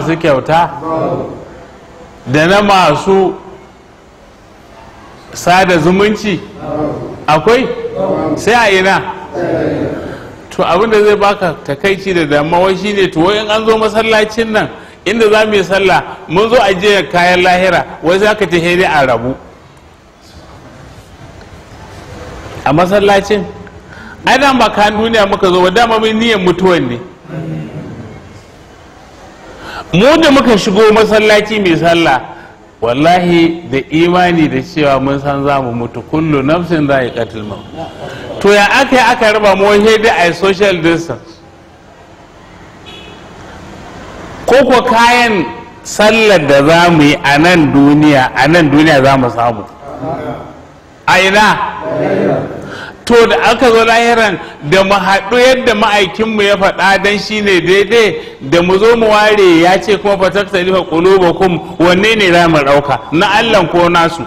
masu kyauta da na masu sada zumunci akwai sai a ina to abinda zai baka takaici da damawa shine to in an zo masallacin nan inda za mu yi sallah mun zo ajiyar kayan lahira wai za ka ta hene a rabu a masallacin ai ba duniya muka zo wa dama mai niyyar mutuwan ne mu da muka shigo masallaci mai sallah wallahi da imani da cewa mun san za mu mutu kullu nafsin za yi to ya aka yi aka raba mu wani da a social distance ko ko kayan sallar da za mu yi a nan duniya a nan duniya za mu samu a ina to da aka zo lahiran da mu haɗu yadda ma'aikinmu ya faɗa don shi ne daidai da mu zo mu ware ya ce kuma fatar talifa qulubakum wanne ne za mu ɗauka na allan ko nasu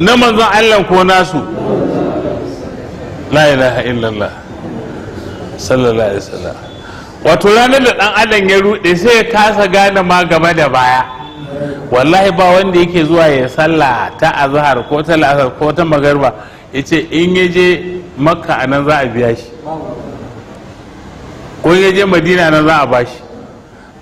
na manzon allan ko nasu la ilaha illallah sallallahu alaihi wasallam wato ranar da ɗan adam ya rude sai ya kasa gane ma gaba da baya wallahi ba wanda yake zuwa ya sallah ta azhar ko ta la'asar ko ta magarba ya ce in ya je makka a nan za a biya shi ko ya je madina nan za a ba shi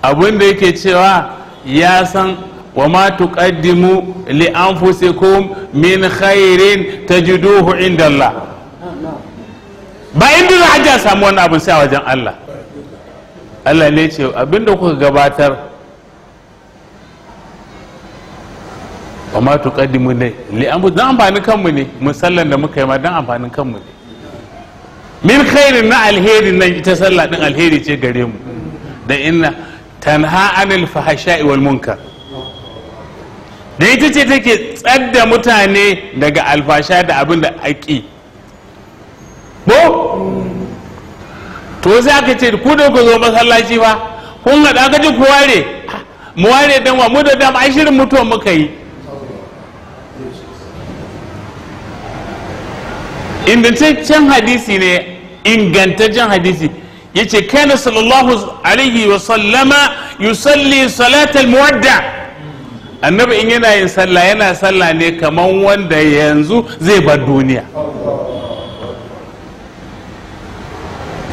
abin da yake cewa ya san wa ma tuqaddimu li anfusikum min khairin tajiduhu inda Allah ba inda za a samu wannan abin sai a wajen Allah Allah ne ce abinda kuka gabatar ma tuqaddimu ne li an dan amfanin kanmu ne mun sallan da muka yi ma dan amfanin kanmu ne min khairin na alheri nan ita sallah din alheri ce gare mu da inna tanha anil fahasha'i wal munkar da ita ce take tsadda mutane daga alfasha da abin da aki bo to sai aka ce ku da ku zo masallaci fa kun ga da aka ji ku ware ah, mu ware dan wa mu da dama ai shirin mutuwa muka yi can hadisi ne ingantaccen hadisi ya ce kana sallallahu alaihi wa sallama yusalli salatal muwadda annabi in yana yin sallah yana sallah ne kaman wanda yanzu zai bar duniya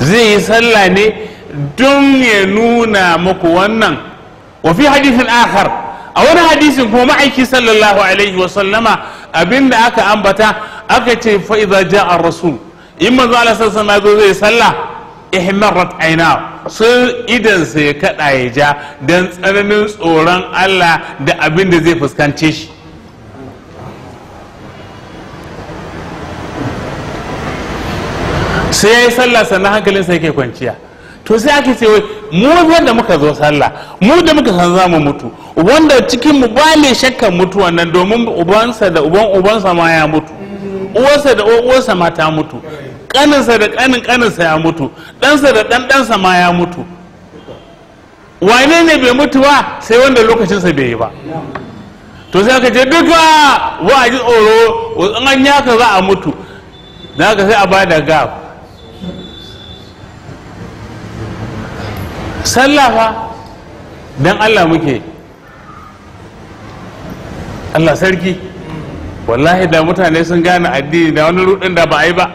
zai yi sallah ne don ya nuna muku wannan wa fi hadithin akhar a wani hadisin kuma ma'aiki sallallahu alaihi wa sallama abinda aka ambata aka ce fa ja a rasul in maza ala sallallahu na zo zai sallah rat aina sun idan sa ya kada ya ja don tsananin tsoron Allah da abin da zai fuskance shi sai ya yi sallah sannan hankalinsa yake kwanciya to sai ake ce wai mu wanda muka zo sallah mu da muka san za mu mutu wanda cikin mu ba ne shakkan mutuwan nan domin ubansa da uban ubansa ma ya mutu uwarsa da uwarsa ma ta mutu kaninsa da kanin kaninsa ya mutu ɗansa da dan ma ya mutu wane ne bai mutu ba sai wanda sa bai yi ba to sai aka ce duka wa a ji tsoro in an yaka za a mutu da ka sai a ba da gab sallafa don allah muke allah sarki wallahi da mutane sun gane addini da wani rudin da ba a yi ba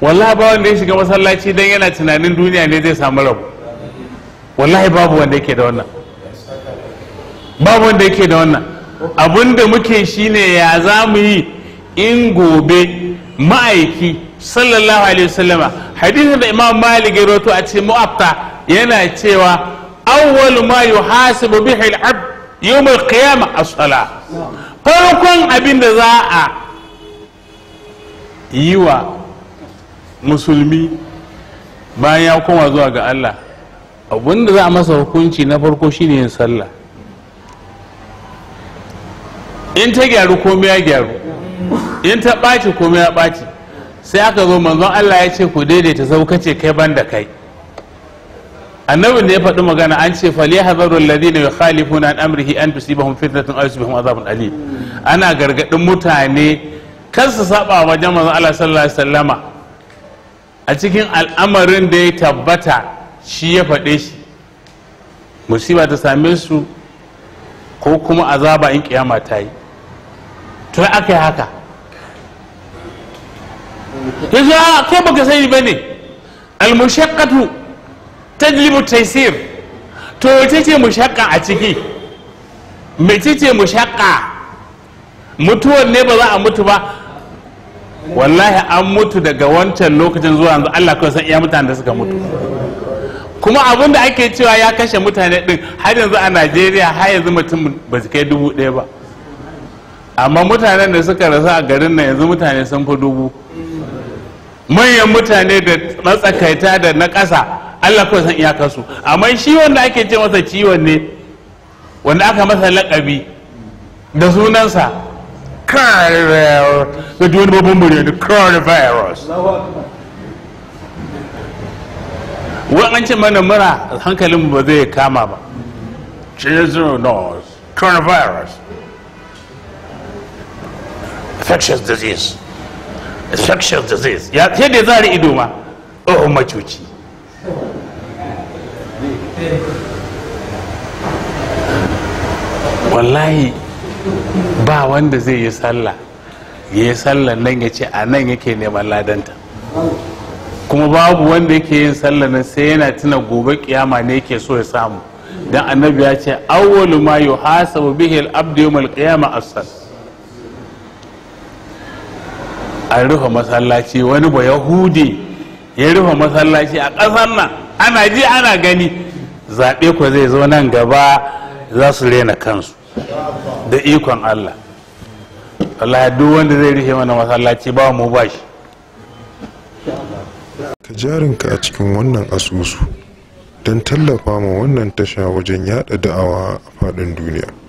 wallahi ba wanda ya shiga masallaci don yana tunanin duniya ne zai samu rabu wallahi babu wanda yake da wannan babu wanda yake da wannan abin da muke shine ya za mu yi in gobe ma'aiki sallallahu alaihi wasallama hadisin da imam malik ya roto a ce mu'abta yana cewa awwal ma yuhasibu bihi al-abd yawm al-qiyamah as-salah farkon abin da za a yi wa musulmi bayan ya koma zuwa ga allah abin da za a masa hukunci na farko shine yin sallah in ta gyaru komai ya gyaru in ta ɓaci komai ya ɓaci sai aka zo manzon allah ya ce ku daidaita sauka kai ban da kai annabi ne ya faɗi magana an ce fali hazaru alladhina yukhalifuna an amrihi an tusibahum fitnatun aw yusibahum adhabun alim ana gargadin mutane kan su saba wa jama'a Allah sallallahu alaihi wasallama a cikin al'amarin da ya tabbata shi ya faɗe shi musiba ta same su ko kuma azaba in kiyama ta yi tun aka yi haka yanzu ko baka sani ba ne almushaqqatu tajlibu taysir to wace ce mushaqqa a ciki ce mushaqqa mutuwan ne ba za a mutu ba wallahi an mutu daga wancan lokacin zuwa yanzu Allah kawai san iya mutanen da suka mutu kuma abin da ake cewa ya kashe mutane din har yanzu a Najeriya har yanzu mutum ba su kai dubu ɗaya ba amma mutanen da suka rasu a garin nan yanzu mutane sun fi dubu manyan mutane da matsakaita da na ƙasa Allah kawai san kasu amma shi wanda ake ce masa ciwon ne wanda aka masa laƙabi da sunansa coronavirus da duk wani babban the coronavirus wai an ce mana mura hankalin ba zai kama ba jesus knows coronavirus infectious disease infectious disease ya sai da zari ido ma oh, oh macuci wallahi ba wanda zai yi sallah ya yi sallah nan ya ce a nan yake neman ladanta kuma babu wanda yake yin sallah nan sai yana tuna gobe kiyama ne yake so ya samu don annabi ya ce awwalu ma yuhasabu bihi al-abdu yawm al as-sal an rufe masallaci wani ba yahudi ya rufe masallaci a ƙasar nan ana ji ana gani zaɓe ku zai zo nan gaba za su rena kansu da ikon Allah Allah duk wanda zai rufe mana masallaci ba mu ba shi ka jarinka a cikin wannan asusu don tallafa ma wannan tasha wajen yada da'awa a faɗin duniya